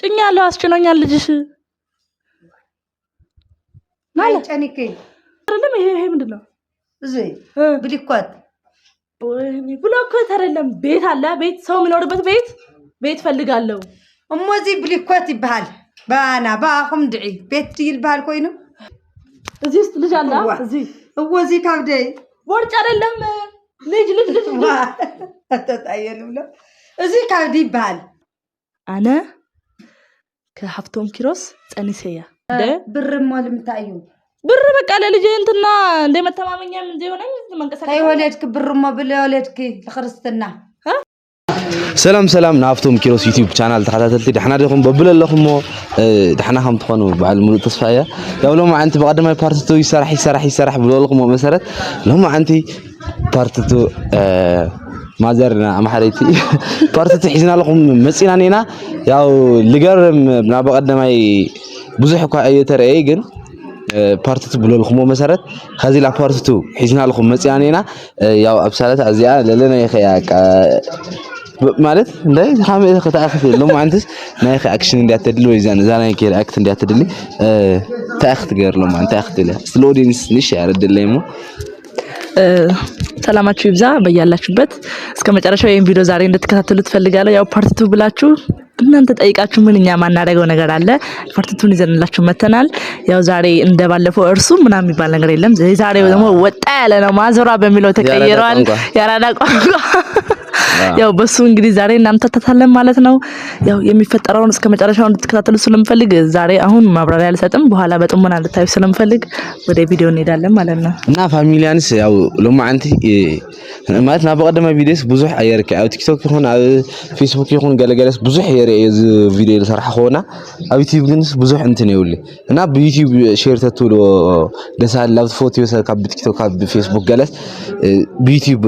ጭኛ ያለው አስጭኖኛል ልጅሽ ማለት አይደለም። ይሄ ይሄ ምንድን ነው? እዚህ ብሊኳት ብሎኮት አይደለም፣ ቤት አለ ቤት፣ ሰው የሚኖርበት ቤት ቤት ፈልጋለሁ እሞ ብሊኳት ብሊኮት ባና በአና በአኹም ድዒ ቤት ድይል በሃል ኮይኑ እዚ ውስጥ ልጅ አለ እዚ እወዚ ካብደ ወርጭ ደ አይደለም ልጅ ልጅ ልጅ ተጣየን ብሎ እዚ ካብዲ ዲ አነ كحفتهم كروس تنسية ده بر مال متعيو بر سلام سلام نافتوم كيروس يوتيوب شانل تخاتلتي دحنا ديكم ببل لكم دحنا هم تخونوا بعد الملو تصفايا يقول لهم انت بقدم ماي بارت يسرح يسرح يسرح بلو لكم مسرت لهم انت بارت ማዘርና ኣማሓረይቲ ፓርቲ ሒዝና መፂና ኔና ያው ልገርም ናብ ቀዳማይ ብዙሕ እኳ እየተረአየ ግን ፓርቲቱ ብለልኩሞ መሰረት ከዚ ላ ፓርቲቱ ሒዝና ኣለኹም መፂና ኔና ያው ኣብሳላት ኣዚኣ ለለና ይኸያ ማለት እንዳይ ሓመ ከተኣክፍ የሎም ዓንትስ ናይ ኸ ኣክሽን እንዲያተድል ወይ እዛ ናይ ከ ኣክት እንዲያተድሊ ታኣክት ገይርሎም እንታይ ኣክት ስለ ኦዲንስ ንሽ ያረድለይ እሞ ሰላማችሁ ይብዛ በያላችሁበት። እስከ መጨረሻው ይህን ቪዲዮ ዛሬ እንድትከታተሉ ትፈልጋለሁ። ያው ፓርት ቱ ብላችሁ እናንተ ጠይቃችሁ ምን እኛ ማናደርገው ነገር አለ? ፈርትቱን ይዘንላችሁ መተናል። ያው ዛሬ እንደባለፈው እርሱ ምናምን የሚባል ነገር የለም። ዛሬው ደግሞ ወጣ ያለ ነው። ማዞራ በሚለው ተቀይሯል። የአራዳ ቋንቋ ያው በሱ እንግዲህ ዛሬ እናምታታታለን ማለት ነው። ያው የሚፈጠረውን እስከ መጨረሻው እንድትከታተሉ ስለምፈልግ ዛሬ አሁን ማብራሪያ አልሰጥም። በኋላ በጥሞና እንድታዩ ስለምፈልግ ወደ ቪዲዮ እንሄዳለን ማለት ነው እና ፋሚሊያንስ ያው ሎማዓንቲ ማለት ናብ ቀደመ ቪዲዮስ ብዙሕ ኣየርክዕ ኣብ ቲክቶክ ይኹን ኣብ ፌስቡክ ይኹን ገለገለስ ብዙሕ ሼር እየ ቪዲዮ ዝሰርሐ ክኾና ኣብ ዩቲዩብ ግን ብዙሕ እንትን የብሉ እና ብዩቲዩብ ሼር ተትብሎ ደሳ ላብቲ ፈትዮ ሰብ ካብ ብቲክቶክ ካብ ፌስቡክ ገለስ ብዩቲዩብ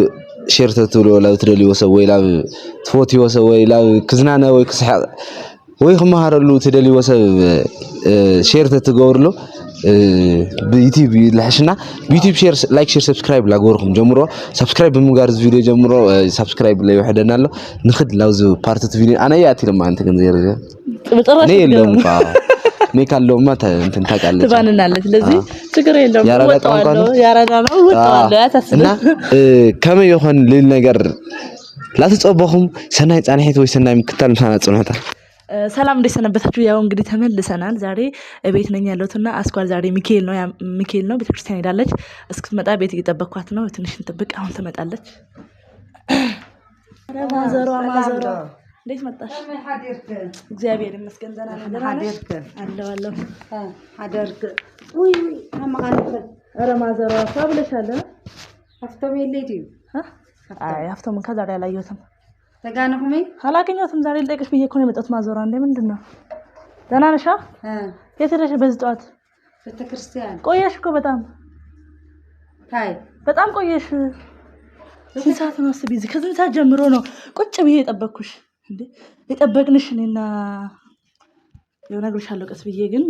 ሼር ተትብሎ ላብ ትደልይዎ ሰብ ወይ ላብ ትፈትይዎ ሰብ ወይ ላብ ክዝናነ ወይ ክስሐቕ ወይ ክመሃረሉ ትደልይዎ ሰብ ሼር ተትገብርሉ ብዩቲብ ይልሕሽና ብዩቲብ ሼር ላይክ ሼር ሰብስክራይብ ላገበርኩም ጀምሮ ሰብስክራይብ ብምጋር እዚ ቪድዮ ጀምሮ ሰብስክራይብ ይውሕደና ኣሎ ንክድ ላብዚ ፓርት እቲ ቪድዮ ኣነ እያ እትኢሎም ማለት ግን ዘር እኔ የለም ሜካ ኣለውማ እንትን ታውቃለች ትባንናለች። ችግር ያራዳ ቋንቋ ያራዳ ነው። እና ከመይ ይኮን ልል ነገር ላተፀበኹም ሰናይ ፃንሒት ወይ ሰናይ ምክታል ምሳና ፅንሑታ ሰላም እንዴት ሰነበታችሁ? ያው እንግዲህ ተመልሰናል። ዛሬ ቤት ነኝ ያለሁትና አስኳል ዛሬ ሚካኤል ነው ሚካኤል ነው ቤተክርስቲያን ሄዳለች። እስክትመጣ ቤት እየጠበኳት ነው። ትንሽ እንጠብቅ። አሁን ትመጣለች። ማዘሮ ማዘሮ እንዴት መጣሽ? እግዚአብሔር ይመስገን ዘና ነገር አደርግ ኧረ ማዘሯ ብለሻለ ሀብቶም የለ ሀብቶም አላየሁትም ተጋነሁሜ አላገኘሁትም። ዛሬ ልጠይቅሽ ብዬ እኮ ነው የመጣሁት። ማዞራ እንዴ ምንድን ነው? ደህና ነሽ? የት ሄደሽ በዚህ ጠዋት? ቤተ ቆየሽ እኮ በጣም ታይ በጣም ቆየሽ። ስንት ሰዓት ነው አስቢ? እዚህ ከስንት ሰዓት ጀምሮ ነው ቁጭ ብዬ የጠበቅኩሽ? እንዴ የጠበቅንሽ እኔና የሆነ እነግርሻለሁ ቀስ ብዬ ግን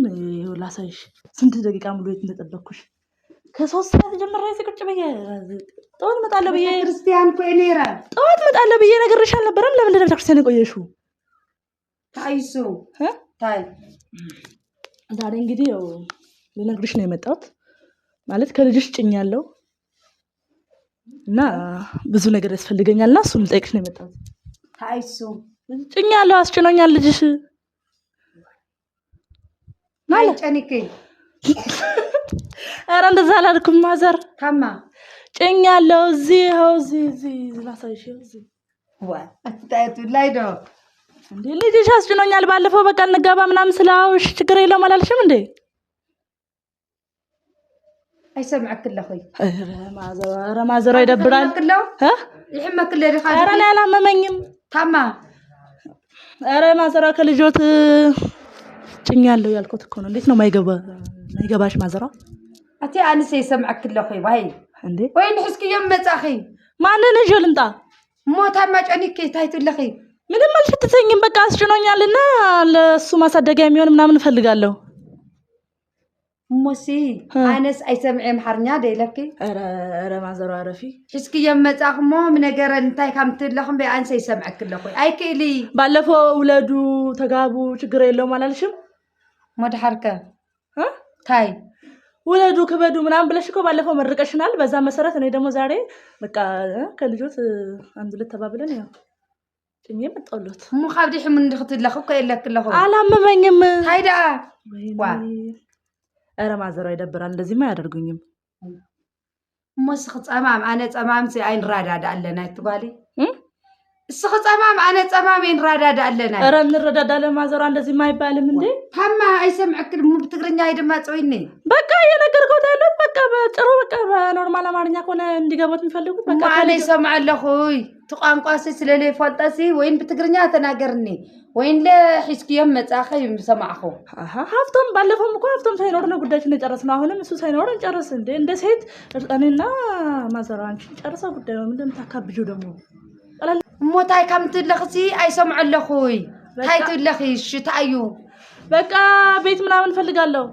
ላሳይሽ ስንት ደቂቃ ሙሉ የት እንደጠበቅኩሽ ከሶስት ሰዓት ጀምሬ እዚህ ቁጭ ብዬ ጠዋት እመጣለሁ ብዬ ክርስቲያን እኮ እኔ እራት ጠዋት እመጣለሁ ብዬ ነግሬሽ አልነበረም? ለምንድን ነው ቤተክርስቲያን የቆየሽው? ታይሱ ታይ ዛሬ እንግዲህ ያው ልነግርሽ ነው የመጣሁት። ማለት ከልጅሽ ጭኛለሁ እና ብዙ ነገር ያስፈልገኛል እና እሱን ልጠይቅሽ ነው የመጣሁት። ታይሱ ጭኛለሁ፣ አስጭኖኛል ልጅሽ ማለት ጨኒከኝ ኧረ እንደዛ አላልኩም። ማዘር ታማ ጭኛለሁ። እዚህ ይኸው እዚህ እዚህ ላሳይሽ። እዚህ እንዴ ልጅሽ አስጭኖኛል። ባለፈው በቃ እንገባ ምናምን ስላውሽ ችግር የለውም አላልሽም እንዴ? አይሰምዐክለ ኸይ ኧረ ማዘሯ ይደብራል። ይሕመክለ ዲኻ? ኧረ እኔ አላመመኝም። ታማ ኧረ ከልጆት ጭኛለሁ ያልኩት እኮ ነው። እንዴት ነው ማይገባሽ ማዘሯ እቲ ኣንሰ ይሰምዐክ ኣለኹ ዋይ ወይ ንሕዝክዮም መጻኺ ማንን እዮ ልምጣ ሞታ ማጨኒ ከይታይቱ ኣለኺ ምንም አልሸተተኝም። በቃ አስጭኖኛልና ለእሱ ማሳደጊያ የሚሆን ምናምን እፈልጋለሁ። እሞሲ ኣነስ ኣይሰምዐም ሓርኛ ደይለኪ ረ ኣረፊ ሕዝክዮም መጻኽሞ ምነገረ እንታይ ካብ ትለኹም በይ ኣንሰ ይሰምዐክ ኣለኹ ኣይክእሊ ባለፈው ውለዱ ተጋቡ ችግር የለውም አላልሽም ሞድሓርከ እንታይ ውለዱ ክበዱ ምናምን ብለሽ እኮ ባለፈው መርቀሽናል። በዛ መሰረት እኔ ደግሞ ዛሬ በቃ ከልጆት አንድ ሁለት ተባብለን ያው ጭኜ መጣሁለት። እሞ ካብ ዲሕ ምን ንድክትለኽ እኮ የለክለኹ አላመመኝም። ሃይዳ ኧረ ማዘሯ ይደብራል። እንደዚህማ አያደርጉኝም። እሞስ ክፀማም ኣነ ፀማምሲ ኣይንራዳዳ ኣለና ይትጓሌ እስኪ ፀማም ኣነ ፀማሜ ንረዳዳ ኣለና ረ ንረዳዳ ለማዘራ እንደዚህ ማ ይባልም እንዴ ታማ ኣይሰምዐክ ብትግርኛ ድማ ፅውይኒ በቃ ነገር እየነገርኩት ያለ በቃ ጥሩ በቃ ኖርማል ኣማርኛ ኮነ እንዲገቦት ንፈልጉ ኣነ ይሰምዐ ኣለኹይ እቲ ስለለይ ፈልጠሲ ወይን ብትግርኛ ተናገርኒ ወይን ለሒዝክዮም መፃኸይ ሰማዕኹ ሃብቶም ባለፈም እኳ ሃብቶም ሳይኖር ነው ጉዳያችን የጨረስነው። አሁንም እሱ ሳይኖር እንጨርስ እንዴ እንደ ሴት እኔና ማዘራንችን ጨርሰ ጉዳዩ ምንድን ደሞ እሞታይ ካብ እንትህለኽሲ ኣይሰምዖ ኣለኹይ እንታይ ትብለኺ እሺ እንታይ በቃ ቤት ምናምን እፈልጋለሁ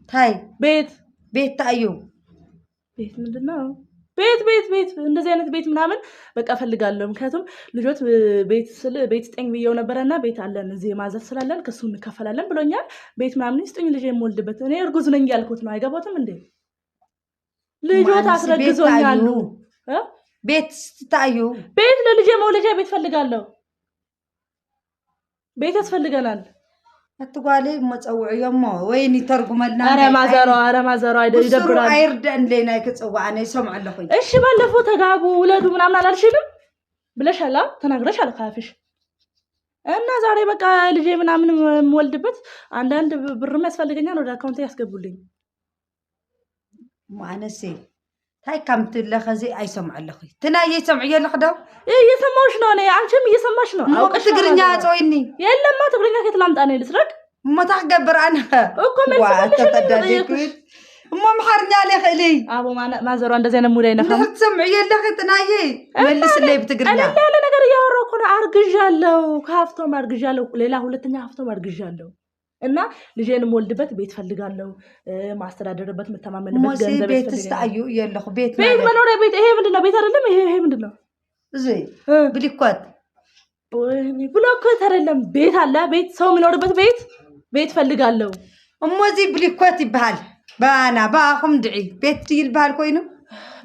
እንታይ ቤት ቤት እንታይ ቤት ምንድን ነው ቤት ቤት ቤት እንደዚህ አይነት ቤት ምናምን በቃ እፈልጋለሁ። ምክንያቱም ልጆት ቤት ስል ቤት ስጠኝ ብየው ነበረና ቤት አለን እዚህ ማዘፍ ስላለን ከሱ እንከፈላለን ብሎኛል። ቤት ምናምን ስጠኝ ልጅ የምወልድበት እኔ እርጉዝ ነኝ ያልኩት ነው። አይገባትም እንዴ ልጆት አስረግዞኛሉ ቤት ስትታዩ ቤት ለልጄ መውለጃ ቤት ፈልጋለሁ። ቤት ያስፈልገናል። አትጓሌ መፀውዕዮ እሞ ወይኒ ተርጉመልና ኧረ ማዘሮ ኧረ ማዘሮ ይደብራል። አይርዳእን ለናይ ክፅዋዕነ ይሰምዑ ኣለኹ እሺ ባለፈው ተጋቡ ውለዱ ምናምን አላልሽንም ብለሻላ ተናግረሽ አልካፍሽ እና ዛሬ በቃ ልጄ ምናምን የምወልድበት አንዳንድ ብርም ያስፈልገኛል ወደ አካውንቴ ያስገቡልኝ ማነሴ እንታይ ከምትለኸዚ ኣይሰምዑ ኣለኹ ትናይ የሰምዑ ኣለኹ ዶ እየሰማውሽ ነው ነ አንቺም እየሰማሽ ነው ሞቅ ትግርኛ ፀወይኒ የለማ ትግርኛ ከትላምጣ ነው ልስረቅ እሞታ ክገብር ኣነ እኮ መልሰሽ እሞ ኣምሓርኛ ዘይኽእል ኣቦ ማዘሮ እንደዚ ዓይነት ሙዳይ ነኻ ክትሰምዑ ኣለኺ መልስለይ ብትግርኛ ለለ ነገር እያወረ ኣርግዣ ኣለው ካብቶም ኣርግዣ ኣለው ሌላ ሁለተኛ ካብቶም ኣርግዣ ኣለው እና ልጄን ሞልድበት ቤት ፈልጋለሁ፣ ማስተዳደርበት፣ የምተማመንበት ገንዘብ የለኹ ቤት ቤት መኖሪያ ቤት ይሄ ምንድን ቤት አይደለም ይሄ ይሄ ምንድን እዚ ብሊኳት ብሎኮት አይደለም ቤት አለ ቤት ሰው የሚኖርበት ቤት ቤት ፈልጋለሁ። እሞዚ ብሊኮት ይበሃል። ባና ባኹም ድዒ ቤት ይልበሃል ኮይኑ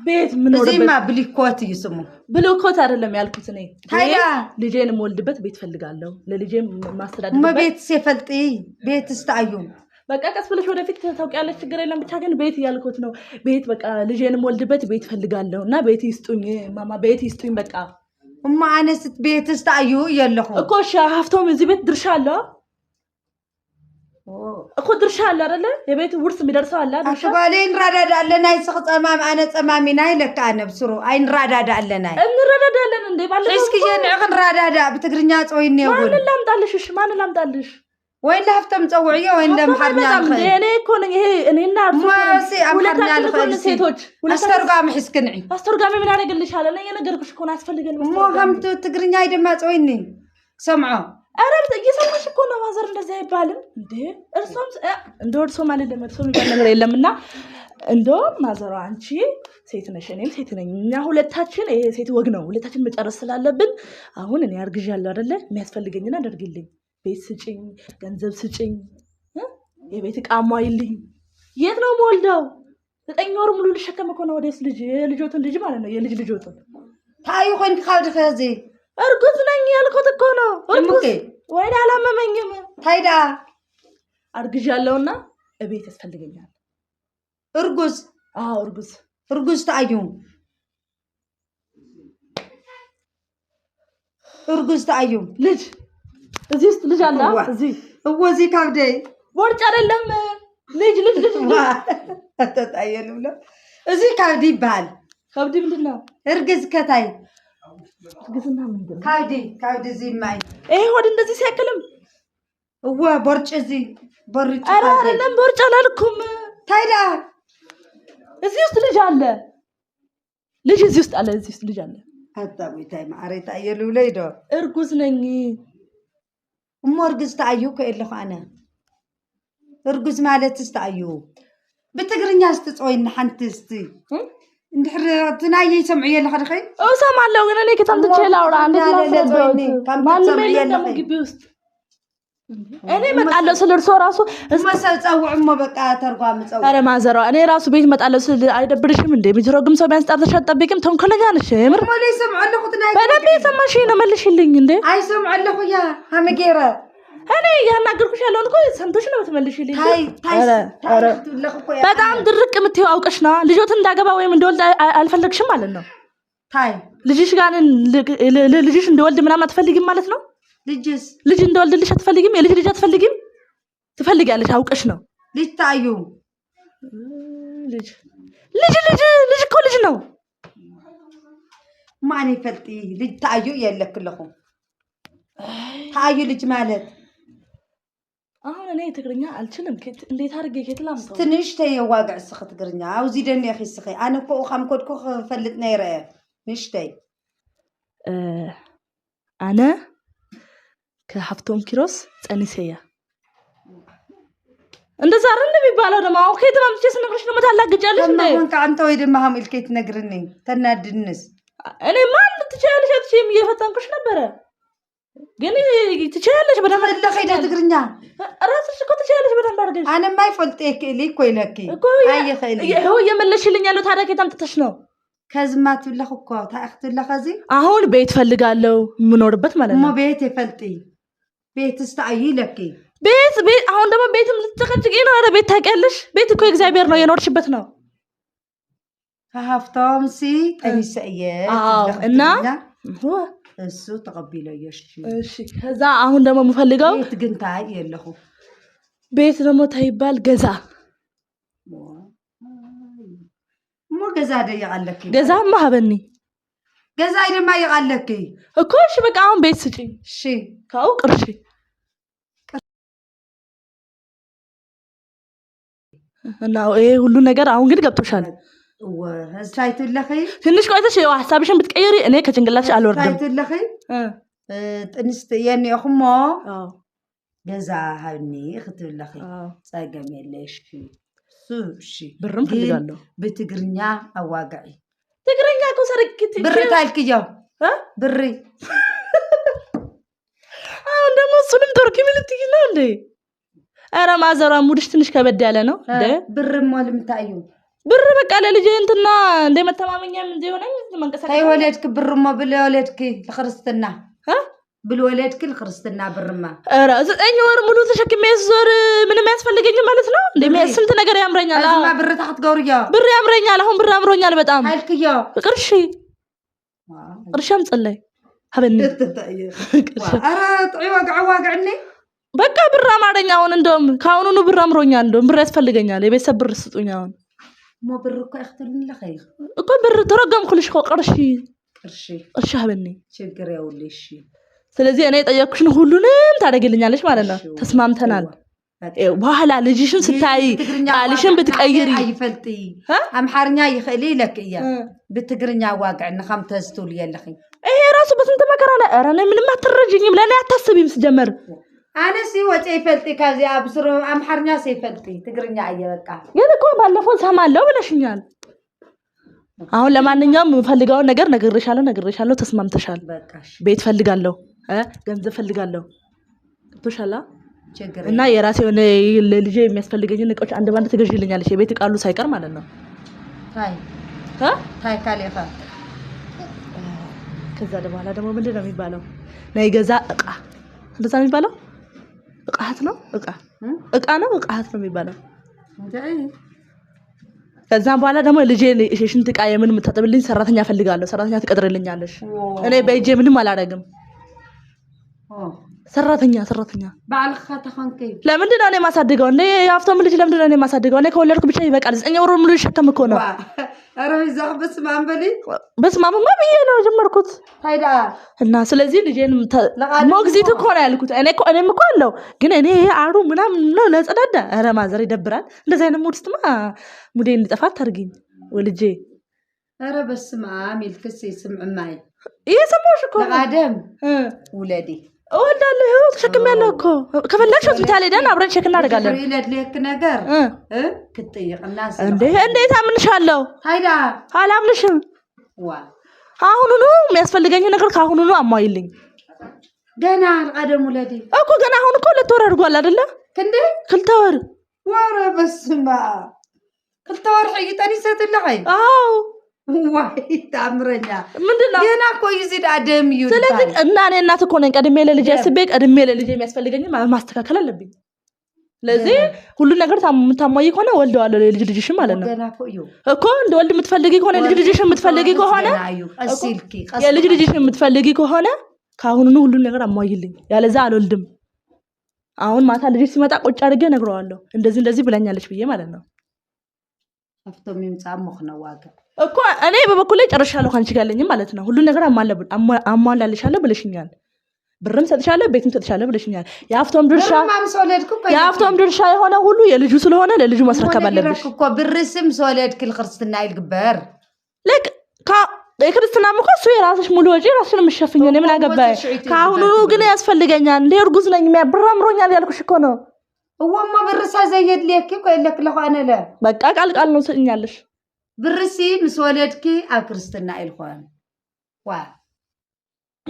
ቤት ምኖርበት ብሊኮት ይስሙ ብሊኮት አይደለም ያልኩት እኔ ታያ ልጄን የምወልድበት ቤት ፈልጋለሁ። ለልጄ ማስተዳደር ቤት ሲፈልጥ ቤት ስታዩ በቃ ቀስ ብለሽ ወደፊት ታውቂያለሽ። ችግር የለም ብቻ ግን ቤት እያልኩት ነው። ቤት በቃ ልጄን የምወልድበት ቤት ፈልጋለሁ እና ቤት ይስጡኝ ማማ፣ ቤት ይስጡኝ በቃ እማ አነስት ቤት ስታዩ የለኹ እኮ ሻ ሀብቶም እዚህ ቤት ድርሻ አለው እኮ ድርሻ አለ አይደለ? የቤት ውርስ የሚደርሰው አለ። አቶ ባሌ እንራዳዳ ስኽ ይስኽ ፀማም ኣነ ፀማሚና ይለካ ነብስሩ ኣይንራዳዳ ኣለና እንራዳዳ ኣለን እንደ ባለ እስኪ ንዕ ክንራዳዳ ብትግርኛ ፀወይኒ የብን ማን ላምጣልሽ? እሺ ማን ላምጣልሽ? ወይ ለሃብቶም ፀውዕዮ ወይ ለምሓርኛ ንኽእል እኔ እኮ ይሄ እኔና ሲ ኣምሓርኛ ንኽእል ሴቶች ኣስተርጓሚ ሕዝክንዒ ኣስተርጓሚ ምን ያደርግልሻል? እኔ የነገርኩሽ ኮን ኣስፈልገን ሞ ከምቲ ትግርኛ ድማ ፀወይኒ ሰምዖ ኣረብ ማዘር እንደዚህ አይባልም እንዴ እርሶም እንደ እርሶም አይደለም እርሶ ይባል ነገር የለም እና እንደውም ማዘሯ አንቺ ሴት ነሽ እኔም ሴት ነኝ እኛ ሁለታችን ይሄ ሴት ወግ ነው ሁለታችን መጨረስ ስላለብን አሁን እኔ አርግዣለሁ አይደለ የሚያስፈልገኝን አደርግልኝ ቤት ስጭኝ ገንዘብ ስጭኝ የቤት ዕቃ አሟይልኝ የት ነው የምወልደው ዘጠኝ ወር ሙሉ ልሸከም እኮ ነው ወደስ ልጅ የልጆትን ልጅ ማለት ነው የልጅ ልጆትን ታዩ ኮይንክ ካብ ድፈ እርጉዝ ነኝ ያልኩት እኮ ነው እርጉዝ ወይ አላመመኝም። ታይዳ አርግዣለሁና እቤት ያስፈልገኛል። እርጉዝ? አዎ እርጉዝ። እርጉዝ ተአዩም እርጉዝ ተአዩም ልጅ እዚህ ውስጥ ልጅ አለ። እዚህ እወዚ ካብደ ወርጭ አይደለም ልጅ ልጅ ልጅ ተጣየንም ነው እዚህ ካብዲ ይባል። ካብዲ ምንድን ነው? እርግዝ ከታይ ይሄ ሆድ እንደዚህ ሲያክልም እወ ቦርጭ እዚህ ቦርጭ ኧረ አይደለም ቦርጭ አላልኩም። ታዲያ እዚህ ውስጥ ልጅ አለ፣ ልጅ እዚህ ውስጥ አለ፣ እዚህ ውስጥ ልጅ አለ። እርጉዝ ነኝ እሞ እርጉዝ ተአዩ ኮ የለኹ ኣነ እርጉዝ ማለት ስተአዩ ብትግርኛ ስትፅወይኒ ሓንቲ ስቲ ندير تنايي سمعي او سمع الله غير انا كتم تشي لاورا عندي لا لا لا انا متعلق سلر صور راسو ما سال تصوع ما بقى ترقى متصوع انا ما زرو انا راسو بيت متعلق سلر اي دبرش من دي بيترو قم سو بيست ارتش طبيكم تون كل غان شمر ما لي سمع الله خطنا انا بي سمع شي نملش لين دي اي سمع الله እኔ ያናገርኩሽ ያለውን እኮ ሰምተሽ ነው የምትመልሺልኝ። በጣም ድርቅ የምትይው አውቀሽ ነዋ። ልጆትን እንዳገባ ወይም እንደወልድ አልፈለግሽም ማለት ነው። ልጅሽ ጋር ልጅሽ እንደወልድ ምናምን አትፈልጊም ማለት ነው። ልጅ እንደወልድልሽ አትፈልጊም። የልጅ ልጅ አትፈልጊም። ትፈልጊያለሽ አውቀሽ ነው። ልጅ ታዩ ልጅ ልጅ ልጅ ልጅ እኮ ልጅ ነው። ማን ይፈልጥ ልጅ ታዩ የለክለኹ ታዩ ልጅ ማለት أنا نيجي تقرنيا ألتنم كت اللي ترجع كت لام تو تنش تي واقع سخط قرنيا أو زيدن يا أخي سخي أنا فوق خم كود كوخ فلت نيرة نش تي أه، أنا كحفتهم كروس أني سيا أنت زارن نبي بالنا ما أوكي تمام تجلس نقرش نمت على جالس نبي تمام هنك عن تويد ما هم الكيت نقرني تنادي الناس أه، أنا ما أنت جالس هذا شيء ميه فتنقرش نبره ግን ትችላለች በደንብ አድርገሽ ሄደ ትግርኛ ራስሽ እኮ ትችላለች በደንብ አድርገሽ። አነማ ይፈልጥ እክሊ እኮ ይለኪ እኮ እየመለሽልኝ ያለው ታዲያ ከየት አምጥተሽ ነው? ከዝማ ትብለኽ እኮ ታእኽትብለ ከዚ አሁን ቤት ፈልጋለው የምኖርበት ማለት ነው። ቤት ይፈልጢ ቤት ስተአዩ ይለኪ ቤት ቤት አሁን ደግሞ ቤትም ልትጨቀጭቂ ነው። አረ ቤት ታውቂያለሽ፣ ቤት እኮ እግዚአብሔር ነው የኖርሽበት ነው። ከሃብቶም ሲ ጠሚሰ እየ እና እሱ ተቀቢለዩ። እሺ ከዛ አሁን ደግሞ የምፈልገው ቤት ግን ታይ የለኹ ቤት ደግሞ ታይባል ገዛ ሞ ገዛ ደይቅ ኣለኪ ገዛማ ሃበኒ ገዛይ ድማ ይቅ እኮ እሺ በቃ አሁን ቤት ስጪ እሺ ካብኡ ቅርሺ እና ይሄ ሁሉ ነገር አሁን ግን ገብቶሻል። ታይቱለኸይ ትንሽ ቆይተሽ ሀሳብሽን ብትቀይሪ እኔ ከጭንቅላትሽ አልወርድም። ገዛ ሃብኒ ክትብለኺ ፀገም የለሽ ብርም ክልጋሎ ብትግርኛ ኣዋግዒ ትግርኛ ኮ ሰርክት ብሪ ታልክዮ ብሪ አሁን ደግሞ እሱንም ቶርኪ ምልትይ ነው እንዴ? ኧረ ማዘሯ ሙድሽ ትንሽ ከበድ ያለ ነው። ብር እሞ ልምታይ እዩ ብር በቃ ለልጅ እንትና እንደ መተማመኛም እንደ ሆነ መንቀሳቀስ ታይ ወለድክ ብርማ ብል ወለድክ ለክርስትና ብል ወለድክ ለክርስትና ብርማ ኧረ ዘጠኝ ወር ሙሉ ተሸክሜ ስዞር ምንም ያስፈልገኝ ማለት ነው። እንደ ስንት ነገር ያምረኛል። አሁን ብር ታህት ገውርያ ብር ያምረኛል። አሁን ብር አምሮኛል በጣም አልክያ ቅርሺ ቅርሻም ጸለይ ሀበኒ ኧረ ጥዒ ዋግዕ ዋግዕኒ በቃ ብር አማረኛ። አሁን እንደውም ከአሁኑኑ ብር አምሮኛል። እንደውም ብር ያስፈልገኛል። የቤተሰብ ብር ስጡኝ አሁን ما بالركا اختلين لخير كون بالترقى مخلي شخو قرشي قرشي قرشي هبني شكر يا ولي شي سلازي انا يطيق شنو خلو نمت على قلن يالش مالنا تسمام تنال وهلا لجيشن ستاي قاليشن بتقيري اي فلتي ها ام حارنيا يخلي لك ايا بتقرنيا واقع ان خام تزتولي يا لخي ايه راسو بس انت ما قرانا ارانا من ما ترجيني ملا لا تصبي مسجمر ኣነሲ ወፂ ይፈልጢ ካብዚኣ ብስሩ ኣምሓርኛ ሰይፈልጢ ትግርኛ እየ ግን እኮ ባለፈው ሰማለሁ ብለሽኛል። አሁን ለማንኛውም የምፈልገውን ነገር ነግሬሻለሁ፣ ነግሬሻለሁ። ተስማምተሻል። ቤት ፈልጋለሁ፣ ገንዘብ ፈልጋለሁ። ገብቶሻላ እና የራሴ የሆነ ለልጄ የሚያስፈልገኝን እቃዎች አንድ ባንድ ትገዥልኛለሽ፣ የቤት እቃሉ ሳይቀር ማለት ነው። ከዛ በኋላ ደግሞ ምንድን ነው የሚባለው ናይ ገዛ እቃ እንደዛ የሚባለው እቃት ነው እቃ እቃ ነው እቃት ነው የሚባለው። ከዛም በኋላ ደግሞ ልጄ የሽንት እቃ የምን የምታጥብልኝ ሰራተኛ ፈልጋለሁ፣ ሰራተኛ ትቀጥርልኛለሽ። እኔ በእጄ ምንም አላደርግም። ሰራተኛ ሰራተኛ ባልካ ተኸንከይ ለምንድን ነው እኔ የማሳድገው? እንደ የሀብታም ልጅ ለምንድን ነው እኔ የማሳድገው? እኔ ከወለድኩ ብቻ ይበቃል። ዘጠኝ ወር ሙሉ ይሸከም እኮ ነው። ኧረ ማ ብዬ ነው ጀመርኩት ታይዳ እና ስለዚህ ልጄን ሞግዚት እኮ ነው ያልኩት። እኔ እኔም እኮ አለው ግን እኔ አሩ ምናምን ነው ለጸዳዳ። ኧረ ማዘር ይደብራል። እንደዚህ አይነት ሙድ ስትማ ሙዴ እንዲጠፋ አታርጊኝ ወልጄ። ኧረ በስመ አብ ይልክስ ይስምዕማይ ይህ ሰሞሽ እኮ ለአደም ውለዴ እወልዳለሁ። ይኸው ተሸክሜያለሁ እኮ ከፈለግሽ ሆስፒታል ሄደን አብረን ቼክ እናደርጋለን። ነገር እንዴት አምንሻለሁ? አላምንሽም። አሁኑኑ የሚያስፈልገኝ ነገር ከአሁኑኑ አሟይልኝ። ገና ቀደም ውለዴ እኮ ገና አሁን እኮ ሁለት ወር አድርጓል አይደለ? ክንዴ ክልተ ወር ወረ በስማ ክልተ ወር ሕይጠን ይሰትልኸይ አዎ ዋይ ታምረኛ ምንድን ነው ገና እኮ ስለዚህ እና እኔ እናት እኮ ነኝ። ቀድሜ ለልጅ ያስቤ ቀድሜ ለልጅ የሚያስፈልገኝ ማስተካከል አለብኝ። ስለዚህ ሁሉን ነገር የምታሟይ ከሆነ ወልደዋለሁ የልጅ ማለት ነው እኮ እንደ ወልድ የምትፈልጊ ከሆነ የልጅ ልጅሽን የምትፈልጊ ከሆነ የልጅ ልጅሽን የምትፈልጊ ከሆነ ከአሁኑኑ ሁሉን ነገር አሟይልኝ፣ ያለዛ አልወልድም። አሁን ማታ ልጅሽ ሲመጣ ቁጭ አድርጌ እነግረዋለሁ እንደዚህ እንደዚህ ብለኛለች ብዬ ማለት ነው። እኮ እኔ በበኩል ላይ ጨርሻለሁ። ከአንቺ ጋር ያለኝም ማለት ነው ሁሉን ነገር አሟላልሻለሁ ብለሽኛል። ብርም ሰጥሻለሁ፣ ቤትም ሰጥሻለሁ ብለሽኛል። የሀብቶም ድርሻ የሀብቶም ድርሻ የሆነ ሁሉ የልጁ ስለሆነ ለልጁ ማስረከብ አለብሽ እኮ ብርስም ሶለድክ ልክርስትና ይልግበር ልክ የክርስትናም እኮ እሱ የራስሽ ሙሉ ወጪ ራስሽን የምሸፍኝ ነው። ምን አገባኝ። ከአሁኑ ግን ያስፈልገኛል። እንደ እርጉዝ ነኝ ሚያ ብር አምሮኛል ያልኩሽ እኮ ነው። እዋማ ብርሳ ዘየድ ሌክ ለክ ለኳነለ በቃ ቃል ቃል ነው ስእኛለሽ ብርሲ ምስ ወለድኪ ኣብ ክርስትና ኢልኮን ዋ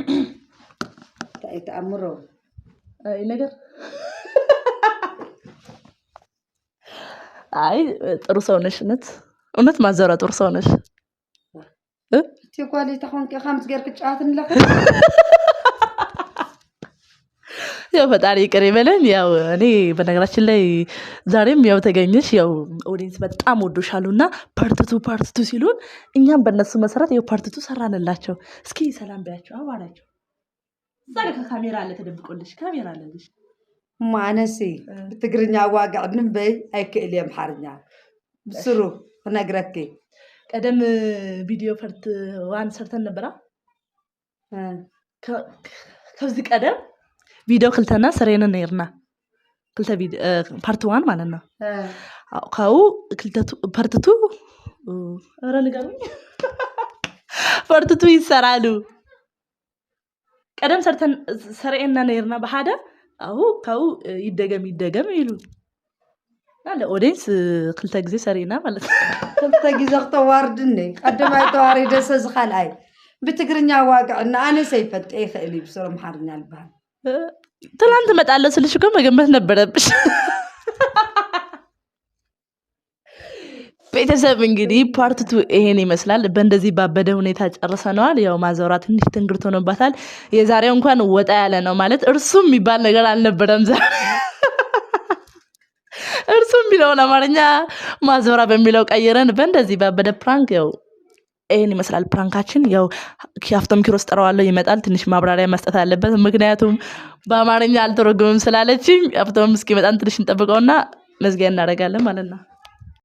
እንታይ ተኣምሮ ነገር አይ ጥሩ ሰው ነሽ፣ እውነት እውነት ማዘራ ጥሩ ሰው ነሽ። እቲ ጓሌ ተኾንኪ ከምዚ ጌርክ ጨዋት ንለኽ ያው ፈጣሪ ይቅር ይበለን። ያው እኔ በነገራችን ላይ ዛሬም ያው ተገኘሽ። ያው ኦዲንስ በጣም ወዶሻሉ እና ፓርትቱ ፓርትቱ ሲሉን እኛም በእነሱ መሰረት ያው ፓርትቱ ሰራንላቸው። እስኪ ሰላም ቢያቸው አባላቸው እዛ ጋ ካሜራ አለ ተደብቆልሽ፣ ካሜራ አለልሽ። ማነሴ ትግርኛ ዋጋ ንበይ አይክእል የምሓርኛ ስሩ ብስሩ ቀደም ቪዲዮ ፓርት ዋን ሰርተን ነበራ ከዚህ ቀደም ቪድዮ ክልተና ሰረየና ነርና ክልተ ፓርት ዋን ማለት ነው ካብኡ ፓርትቱ ኧረ ንገሩኝ ፓርትቱ ይሰራሉ ቀደም ሰረኤና ነርና ብሓደ ኣብ ካብኡ ይደገም ይደገም ኢሉ ኦዴንስ ክልተ ግዜ ሰሪእና ማለት ክልተ ግዜ ክተዋርድኒ ቀዳማይ ተዋሪደ ሰ ዝካልኣይ ብትግርኛ ዋግዕና ኣነ ይፈጥ ይኽእል እዩ ብሱር ኣምሓርኛ ዝበሃል ትናንት እመጣለሁ ስልሽ እኮ መገመት ነበረብሽ። ቤተሰብ እንግዲህ ፓርትቱ ይሄን ይመስላል። በእንደዚህ ባበደ ሁኔታ ጨርሰነዋል። ያው ማዘውራ ትንሽ ትንግርት ሆኖባታል። የዛሬው እንኳን ወጣ ያለ ነው ማለት እርሱ የሚባል ነገር አልነበረም ዛሬ እርሱ የሚለውን አማርኛ ማዘውራ በሚለው ቀይረን በእንደዚህ ባበደ ፕራንክ ያው ይህን ይመስላል ፕራንካችን። ያው ሀፍቶም ኪሮስ ጠራዋለሁ፣ ይመጣል። ትንሽ ማብራሪያ መስጠት አለበት፣ ምክንያቱም በአማርኛ አልተረጉምም ስላለችኝ ሀፍቶም እስኪመጣን ትንሽ እንጠብቀውና መዝጊያ እናደርጋለን ማለት ነው።